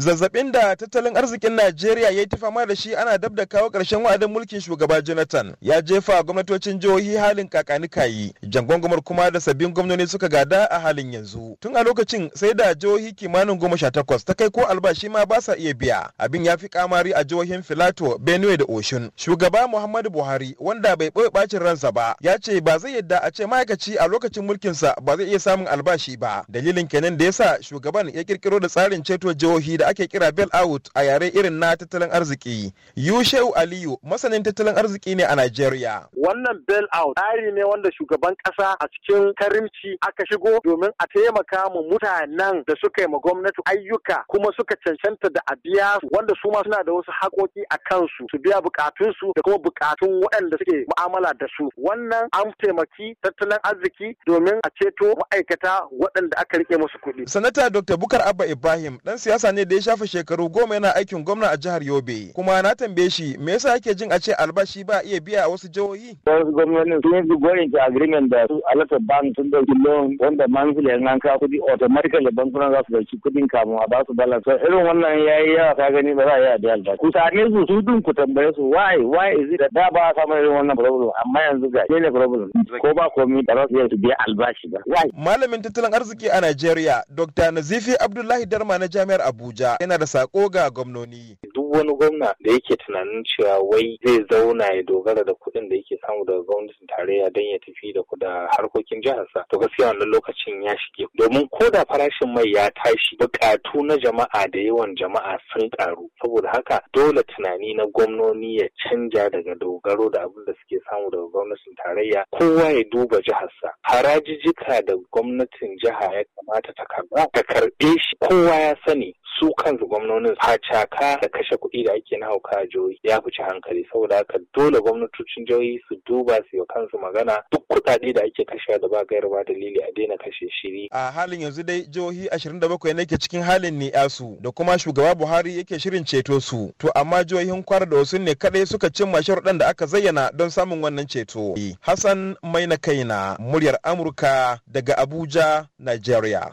zazzabin da tattalin arzikin najeriya ya yi ta fama da shi ana dab da kawo ƙarshen wa'adin mulkin shugaba jonathan ya jefa gwamnatocin jihohi halin kakanikayi jangwangwamar kuma da sabbin gwamnoni suka gada a halin yanzu tun a lokacin sai da jihohi kimanin goma sha takwas ta kai ko albashi ma ba sa iya biya abin ya fi kamari a jihohin filato benue da oshun shugaba muhammadu buhari wanda bai ɓoye bacin ransa ba ya ce ba zai yadda a ce ma'aikaci a lokacin mulkinsa ba zai iya samun albashi ba dalilin kenan da ya sa shugaban ya kirkiro da tsarin ceto jihohi da ake kira bail out a yare irin na tattalin arziki. Yushehu Aliyu masanin tattalin arziki ne a Najeriya. Wannan bail out tsari ne wanda shugaban kasa a cikin karimci aka shigo domin a taimaka mu mutanen da suka yi ma gwamnati ayyuka kuma suka cancanta da a biya wanda su ma suna da wasu haƙoƙi a kansu su biya bukatunsu da kuma bukatun waɗanda suke mu'amala da su. Wannan an taimaki tattalin arziki domin a ceto ma'aikata waɗanda aka rike musu kuɗi. Sanata Dr. Bukar Abba Ibrahim dan siyasa ne da ya shafa shekaru goma yana aikin gwamna a jihar Yobe. Kuma na tambaye shi me yasa yake jin a ce albashi ba iya biya a wasu jihohi? Wasu gwamnati sun yi gorin ta agreement da su alata bank sun dauki loan wanda monthly an ka kudi automatically bankuna za su dauki kudin kamun a ba balance. Irin wannan yayi yawa ka gani ba za a yi a biya Ku same su su dun ku tambaye su why why is it da ba a samu irin wannan problem amma yanzu ga ne problem ko ba komi ba za su iya su biya albashi ba. Malamin tattalin arziki a Najeriya Dr. Nazifi Abdullahi Darma na Jami'ar Abuja. Abuja yana da sako ga gwamnoni. Duk wani gwamna da yake tunanin cewa wai zai zauna ya dogara da kuɗin da yake samu daga gwamnatin tarayya don ya tafi da kuɗa harkokin jiharsa to gaskiya wannan lokacin ya shige domin ko da farashin mai ya tashi buƙatu na jama'a da yawan jama'a sun karu saboda haka dole tunani na gwamnoni ya canja daga dogaro da abin da suke samu daga gwamnatin tarayya kowa ya duba jiharsa harajijika da gwamnatin jiha ya kamata ta karba ta karbe shi kowa ya sani su kansu gwamnonin Caka da kashe kuɗi da ake na hauka a jihohi ya fice hankali saboda haka dole gwamnatocin jihohi su duba su yi kansu magana duk kuɗaɗe da ake kashewa da ba gayar ba dalili a daina kashe shiri. A halin yanzu dai jihohi bakwai ne ke cikin halin ni'yasu da kuma shugaba Buhari yake shirin ceto su. To amma jihohin kwara da wasu ne kaɗai suka cimma sharuɗan da aka zayyana don samun wannan ceto. Hassan Maina Kaina, muryar Amurka daga Abuja, Nigeria.